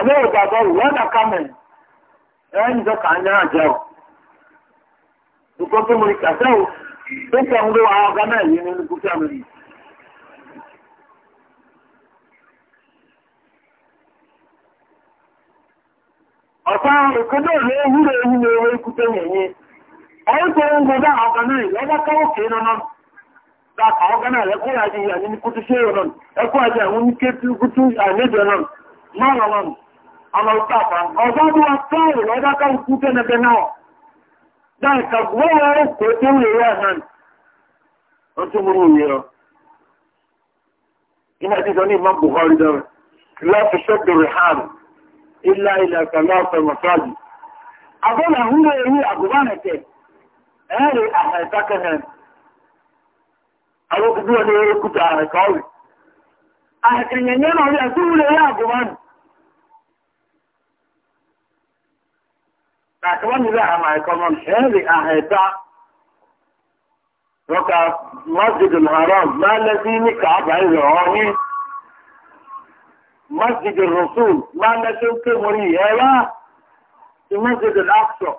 Abẹ́rẹ́ bàbá wọ́n náà kámẹ̀ ẹ̀ ń kà á ní àjẹ́ Nǹkan tó mo kà o, tó sọ ń lo àwọn ọ̀gá náà yìí nínú kúkú àmì Ọ̀sá ìkọ́jọ́ ìlú ewu ni Ọ̀rọ̀ tó ń ọ̀gá náà yìí, ọba káwọ́ náà. ọ̀gá náà ẹ̀kọ́ àjẹyìn àní ní náà, ẹ̀kọ́ àwọn mara wọn alautapa ọgbọ́n wa tẹ́rù lọ́dáka ìkúté nẹ́bẹ̀ náà dáa ìkàgbọ́wọ́ ẹ̀kọ́ tó ń lèrè ẹ̀hàn ó tún múrú ìyẹ̀rọ iná ìdíjọ ní imam buhari dẹ̀rẹ̀ láti ṣẹ́dọ̀ rẹ̀ hàn ilá ilẹ̀ ìkàlọ́pẹ̀ mọ̀sáàjì abọ́là ń lè rí àgùbánẹ̀kẹ̀ ẹ̀rẹ̀ àhẹ̀tákẹ̀hẹ̀ àwọn òkúgbọ́n ní orúkúta àrẹ̀kọ́rì àhẹ̀kẹ̀yẹ̀yẹ́ náà rí àtúrú lè rí àgùbánẹ̀ a rẹ̀ àmà ẹ̀kọ́mọ́ ẹ̀rì àhẹ̀dá lọ́ka Masjidul Haram máa lẹ́sí ní kàábà ìrọ̀ ọ̀hún. Masjidul Rasul máa lẹ́sí ń pè mọ́rí ti Masjidul Aqsa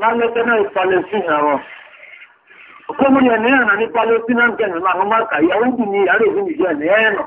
máa lẹ́sí náà Palestine ẹ̀rọ. ya ẹ̀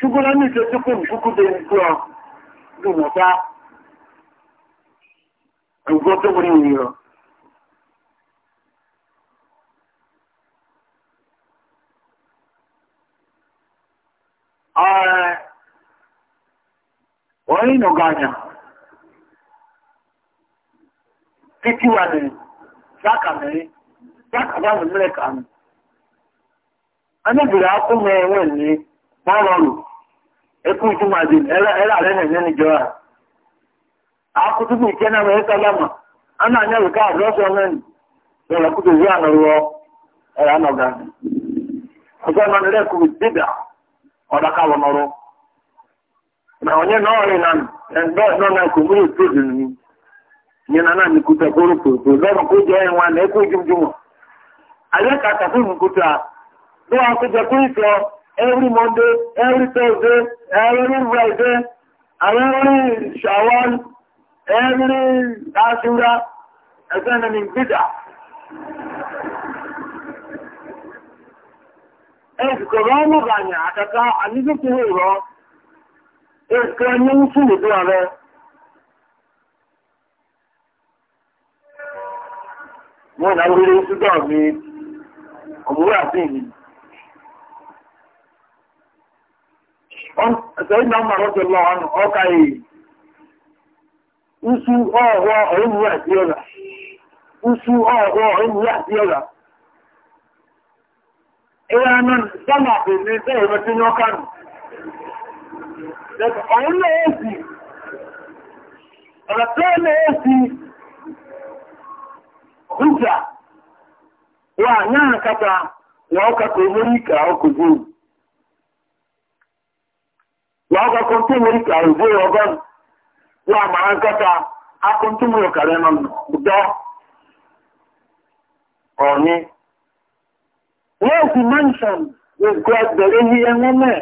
ṣùgbọ́n lọ́nà ìṣẹ́ tí kò ṣùkú dé ní gbọ́ lùmọ̀tá ẹ̀gbọ́ tó wọ́n ní ìrọ̀ wọ́n ní títí wà ní akúnmẹ́ ní ẹkùn ìjúmàdì ẹ̀rà rẹ̀ nẹ̀yẹ́ ni jọra ìkẹ́nà rẹ̀ a náà ní ẹ̀rùká lọ́rọ̀ rí ọjọ́ dídà ọ̀dàkàwọ̀ na onye náà na ẹ̀ndọ́ ẹ̀nọ́ e, na kò múlò tó dì ní ní nana ní kútù ẹ̀kọ́rọ̀ pòtò lọ́rọ̀ kó jẹ́ ẹ̀wà ní ẹkùn ìjúmjúmọ̀ every Monday, every Thursday, every Friday, every Shawwal, every Ashura, ẹ̀sẹ̀ ẹni gbídà. Ẹ̀sìkọ̀rọ̀ ọmọ̀gbànyà àkàkà àníkùkù ìrọ̀, ẹ̀sìkọ̀ ẹni ń fún ìdó ààrẹ. Wọ́n náà lórí ìsúdọ̀ mi, ọmọ sẹ́yìn náà máa rọ́jọ lọ ọ̀nà ọkà èyí usu ọ̀họ́ ọ̀rẹ́mú àti ọ̀rà usu ọ̀họ́ ọ̀rẹ́mú àti ọ̀rà ẹ̀yà sọ́nà àbẹ̀mí sẹ́yìn tí wọ́n kánù ọ̀rẹ́ tó náà ọgakụ ntụ nwere ka ugbo ọgọ ya mara nkata akụ ntụ nwere nọ ụdọ ọnye wọ́ọ̀sì mansion lè gbọ́ ẹgbẹ̀rẹ̀ ní ẹwọ́n mẹ́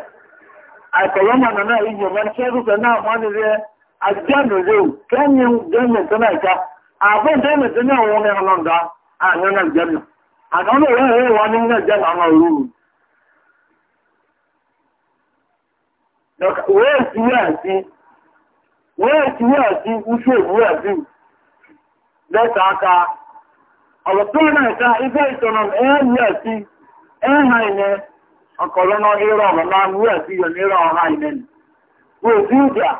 àìkọ̀lọ́mọ̀nà náà ìyẹ̀ mẹ́rin ṣẹ́rùfẹ́ náà wọ́n ni rẹ̀ àjẹ́nùrẹ́ kẹ́yìn gẹ́mẹ̀tì náà ìta àbọ̀ gẹ́mẹ̀tì náà wọ́n ní àwọn wee tinyeghachi wee tinyeghachi uche egwuregwu aka ọbụtụrụ na ife ịtọrọ m ihe nyeghachi ihe ha ine ọkọrọ ọbụla m ya ọha ime ụbịa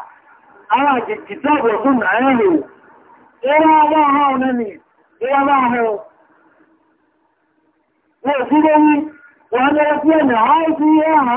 kịta na ya hụ ọha onene ịrọ ọma ahụ wee ti dewi wee na ha isi ihe ha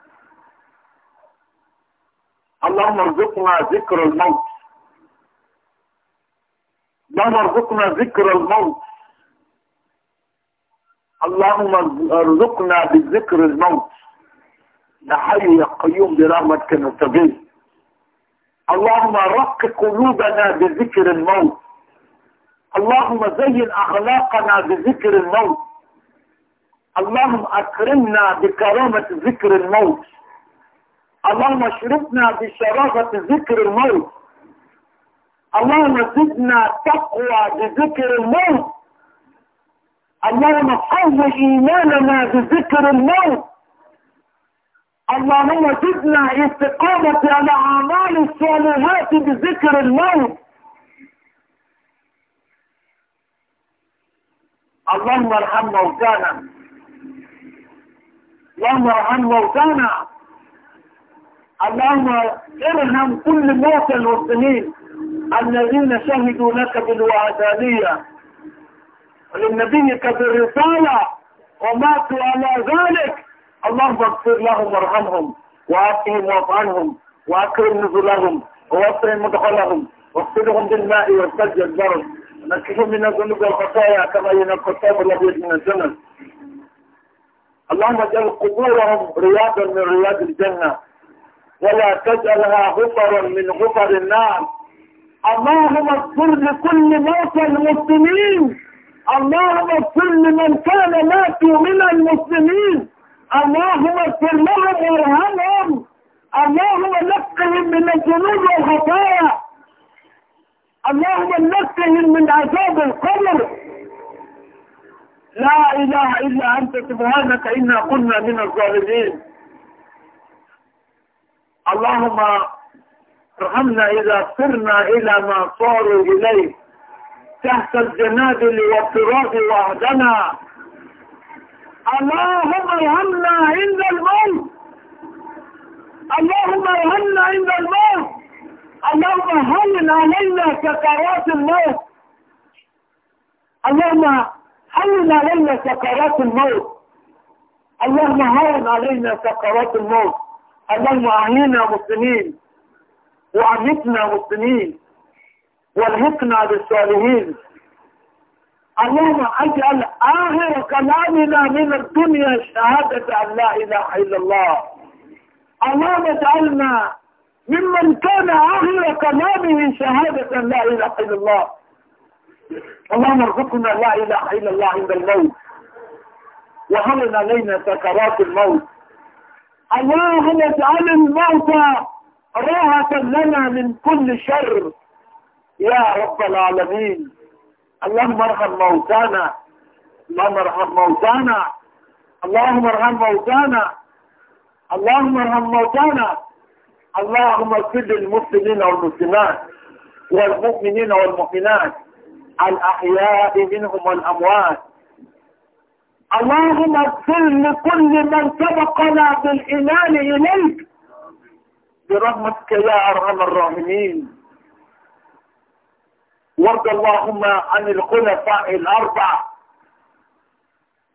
اللهم ارزقنا ذكر الموت اللهم ارزقنا ذكر الموت اللهم ارزقنا بذكر الموت يا حي يا قيوم برحمتك نستغيث اللهم رق قلوبنا بذكر الموت اللهم زين اخلاقنا بذكر الموت اللهم اكرمنا بكرامه ذكر الموت اللهم اشرفنا بشرافة ذكر الموت اللهم زدنا تقوى بذكر الموت اللهم قوم إيماننا بذكر الموت اللهم زدنا استقامة على أعمال الصالحات بذكر الموت اللهم ارحم موتانا اللهم ارحم موتانا اللهم ارهم كل موتى المسلمين الذين شهدوا لك بالوعدانية لنبيك بالرسالة وماتوا على ذلك اللهم اغفر لهم وارحمهم وعافهم واعف عنهم واكرم نزلهم ووفر مدخلهم واغسلهم بالماء والثلج والبرد نكفهم من الذنوب والخطايا كما ينقى الثوب الابيض من الجنة اللهم اجعل قبورهم رياضا من رياض الجنة ولا تجعلها غفرا من غفر النار اللهم اغفر لكل موتى المسلمين اللهم اغفر لمن كان ماتوا من المسلمين اللهم اغفر لهم وارحمهم اللهم نقهم من الذنوب والخطايا اللهم نقهم من عذاب القبر لا اله الا انت سبحانك انا كنا من الظالمين اللهم ارحمنا إذا صرنا إلى ما صاروا إليه تحت الجنابل والتراب وحدنا اللهم ارحمنا عند الموت اللهم ارحمنا عند الموت اللهم هون علينا سكرات الموت اللهم هون علينا سكرات الموت اللهم هون علينا سكرات الموت اللهم أعيننا مسلمين وأمتنا مسلمين والهقنا بالصالحين اللهم اجعل آخر كلامنا من الدنيا شهادة أن لا إله إلا الله اللهم اجعلنا ممن كان آخر كلامه شهادة أن لا إله إلا الله اللهم ارزقنا لا إله إلا الله عند الموت وهلنا علينا سكرات الموت اللهم اجعل الموت راحة لنا من كل شر يا رب العالمين اللهم ارحم موتانا اللهم ارحم موتانا اللهم ارحم موتانا اللهم ارحم موتانا اللهم اغفر للمسلمين والمسلمات والمؤمنين والمؤمنات الأحياء منهم والأموات اللهم اغفر لكل من سبقنا بالإيمان إليك برحمتك يا أرحم الراحمين وارض اللهم عن الخلفاء الأربعة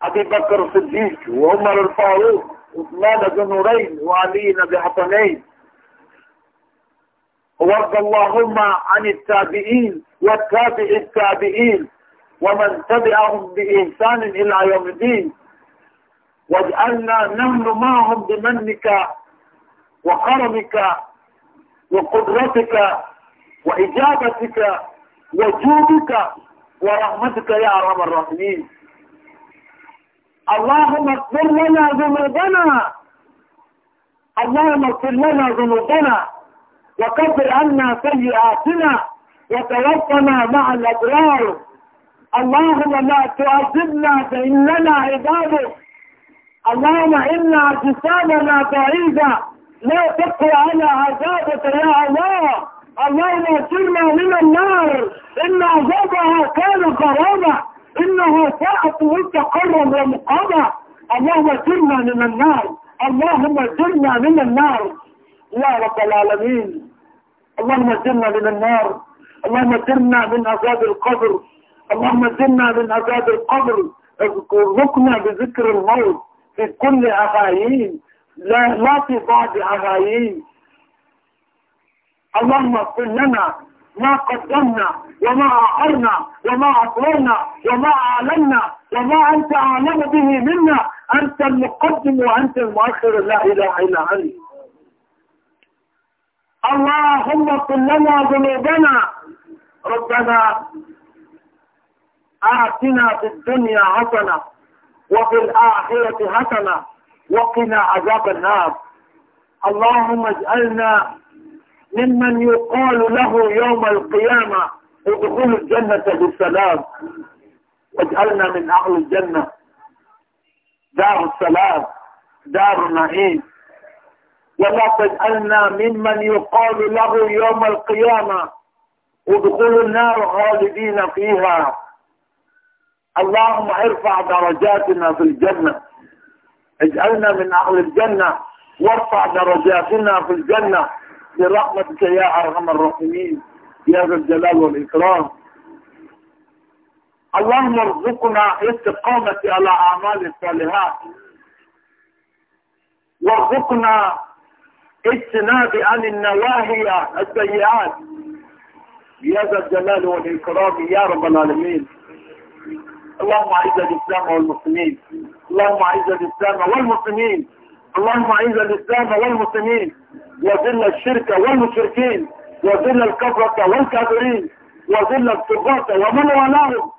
أبي بكر الصديق وعمر الفاروق وعثمان ذو نورين وعلي بن حسنين وارض اللهم عن التابعين والتابع التابعين ومن تبعهم بإحسان إلى يوم الدين واجعلنا نحن معهم بمنك وكرمك وقدرتك وإجابتك وجودك ورحمتك يا أرحم الراحمين اللهم اغفر لنا ذنوبنا اللهم اغفر لنا ذنوبنا وكفر عنا سيئاتنا وتوفنا مع الأبرار اللهم لا تعذبنا فإننا عبادك اللهم إن اعتصامنا بعيدة لا تقوى على عذابك يا الله اللهم اجرنا من النار إن عذابها كان غرامة إنها ساءت وتقرا ومقامة اللهم اجرنا من النار اللهم اجرنا من النار يا رب العالمين اللهم اجرنا من النار اللهم اجرنا من عذاب القبر اللهم زلنا من عذاب القبر اذكرنا بذكر الموت في كل أغايين لا, لا في بعض أغايين اللهم اغفر لنا ما قدمنا وما أخرنا وما أطلعنا وما أعلنا وما أنت أعلم به منا أنت المقدم وأنت المؤخر لا إله إلا أنت اللهم اغفر لنا ذنوبنا ربنا آتنا في الدنيا حسنة وفي الآخرة حسنة وقنا عذاب النار اللهم اجعلنا ممن يقال له يوم القيامة ادخلوا الجنة بالسلام واجعلنا من أهل الجنة دار السلام دار النعيم ولا تجعلنا ممن يقال له يوم القيامة ادخلوا النار خالدين فيها اللهم ارفع درجاتنا في الجنة اجعلنا من أهل الجنة وارفع درجاتنا في الجنة برحمتك يا أرحم الراحمين يا ذا الجلال والإكرام اللهم ارزقنا استقامة على أعمال الصالحات وارزقنا اجتناب عن النواهي السيئات يا ذا الجلال والإكرام يا رب العالمين اللهم اعز الاسلام والمسلمين اللهم اعز الاسلام والمسلمين اللهم اعز الاسلام والمسلمين وذل الشرك والمشركين وذل الكفرة والكافرين وذل الضباط ومن ولاهم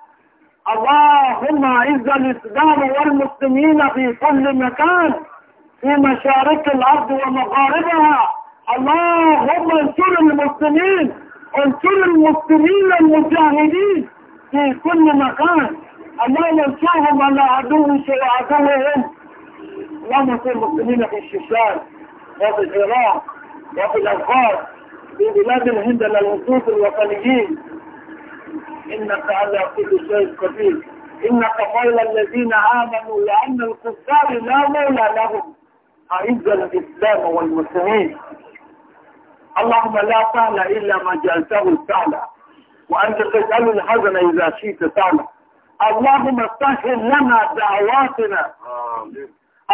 اللهم اعز الاسلام والمسلمين في كل مكان في مشارق الارض ومغاربها اللهم انصر المسلمين انصر المسلمين المجاهدين في كل مكان ألا ينصرهم على عدو عدوهم لما في المسلمين في الشيشان وفي العراق وفي الأفغان في بلاد الهند للوقوف الوطنيين إنك على كل شيء قدير إنك مولى الذين آمنوا لأن الكفار لا مولى لهم أعز الإسلام والمسلمين اللهم لا تعلى إلا ما جعلته تعلى وأنت تسأل الحزن إذا شئت سهلا اللهم سهل لنا دعواتنا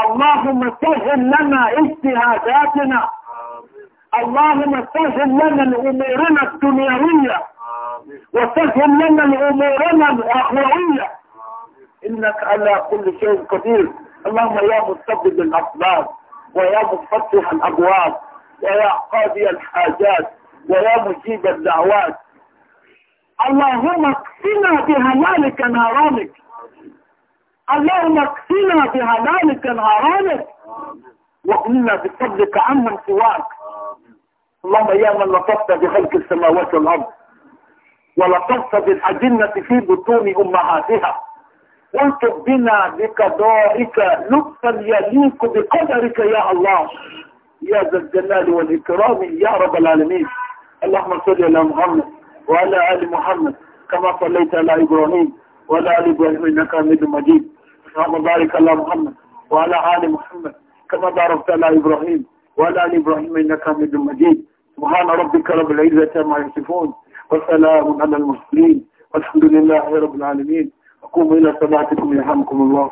اللهم سهل لنا اجتهاداتنا اللهم سهل لنا امورنا الدنيوية وسهل لنا امورنا الأخروية إنك على كل شيء قدير اللهم يا مستبد الأسباب ويا مفتح الأبواب ويا قاضي الحاجات ويا مجيب الدعوات اللهم اكفنا بهلالك عن اللهم اكفنا بهلالك عن حرامك واغننا بفضلك عمن سواك اللهم يا من لطفت بخلق السماوات والارض ولطفت بالاجنه في بطون امهاتها وانطق بنا بقضائك لطفا يليق بقدرك يا الله يا ذا الجلال والاكرام يا رب العالمين اللهم صل على محمد وعلى آل محمد كما صليت على إبراهيم وعلى آل إبراهيم إنك حميد مجيد اللهم بارك على محمد وعلى آل محمد كما باركت على إبراهيم وعلى آل إبراهيم إنك حميد مجيد سبحان ربك رب العزة عما يصفون وسلام على المرسلين والحمد لله رب العالمين أقوم إلى صلاتكم يرحمكم الله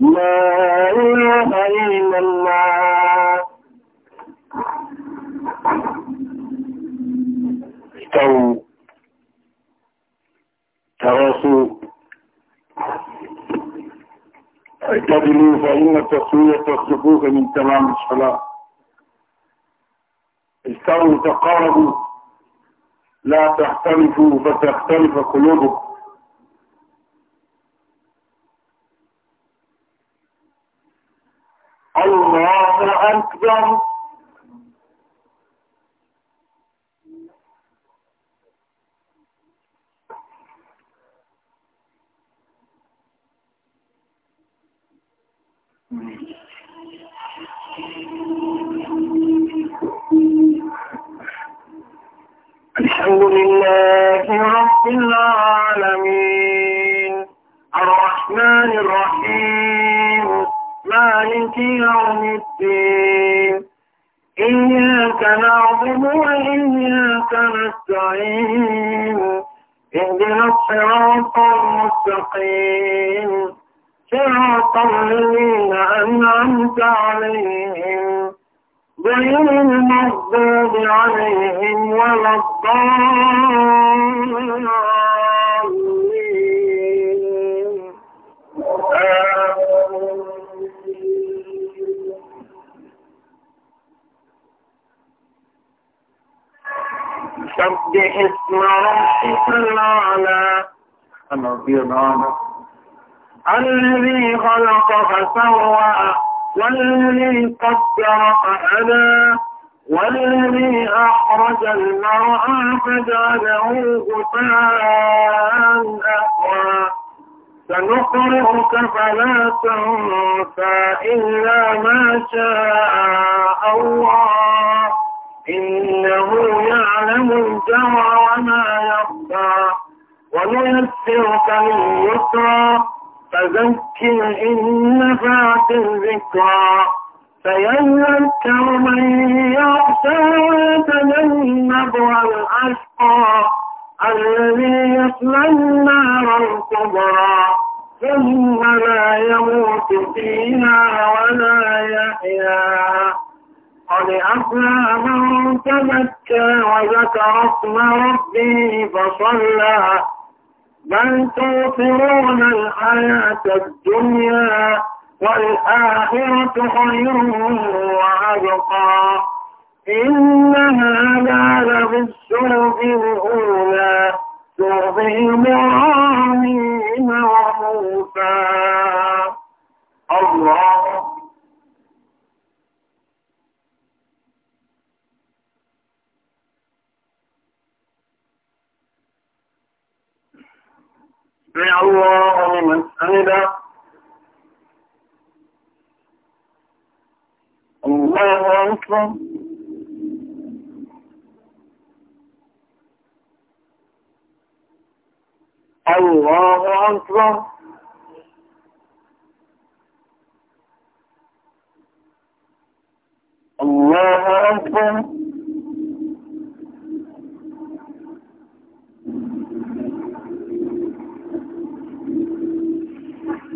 لا إله إلا الله استووا تواصوا اعتدلوا فإن التصوية والصفوف من تمام الصلاة استووا تقاربوا لا تختلفوا فتختلف قلوبكم life تزكى وذكر اسم ربه فصلى بل توفرون الحياة الدنيا والآخرة خير وأبقى إن هذا لبالشرف الأولى شرف إبراهيم وموسى الله سمع الله من حمده الله أكبر الله أكبر الله أكبر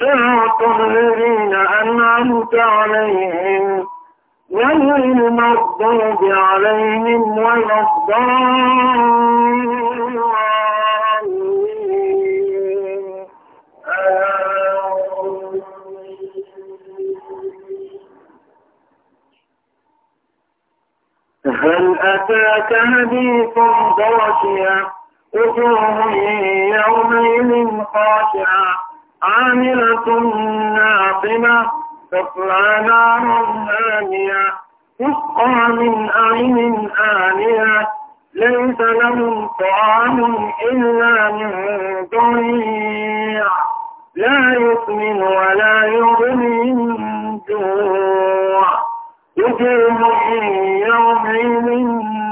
صراط الذين أنعمت عليهم غير المغضوب عليهم ولا هل أتاك حديث غاشية وجوه يومئذ خاشعة عاملة ناقمة تطلع نار آنية تسقى من أعين آنية ليس لهم طعام إلا من ضريع لا يسمن ولا يغني من جوع وجوه يومئذ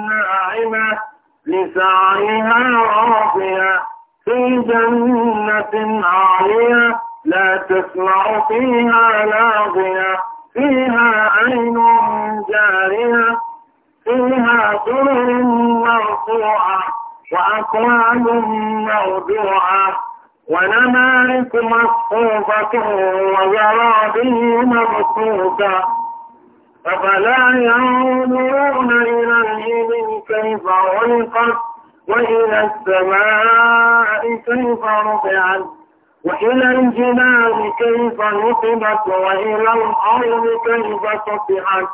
ناعمة لسعيها راضية في جنة عالية لا تسمع فيها لاغية فيها عين جارية فيها سرر مرفوعة وأكواب موضوعة ونمارك مصفوفة وزرابي مبسوطة أفلا ينظرون إلى الإبل كيف علقت وإلى السماء كيف رفعت وإلى الجبال كيف نصبت وإلى الأرض كيف سطحت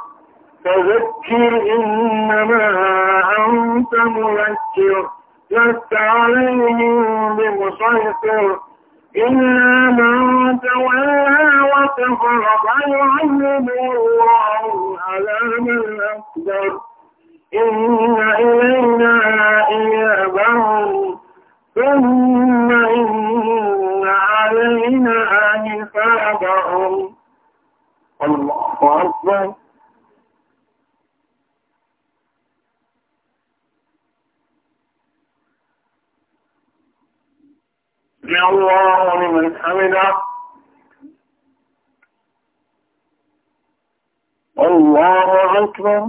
فذكر إنما أنت مذكر لست عليهم بمسيطر إلا من تولى وكفر فيعذبه الله على من اقدر إن إلينا إيابهم ثم إن علينا حسابهم الله أكبر يا الله لمن حمده الله أكبر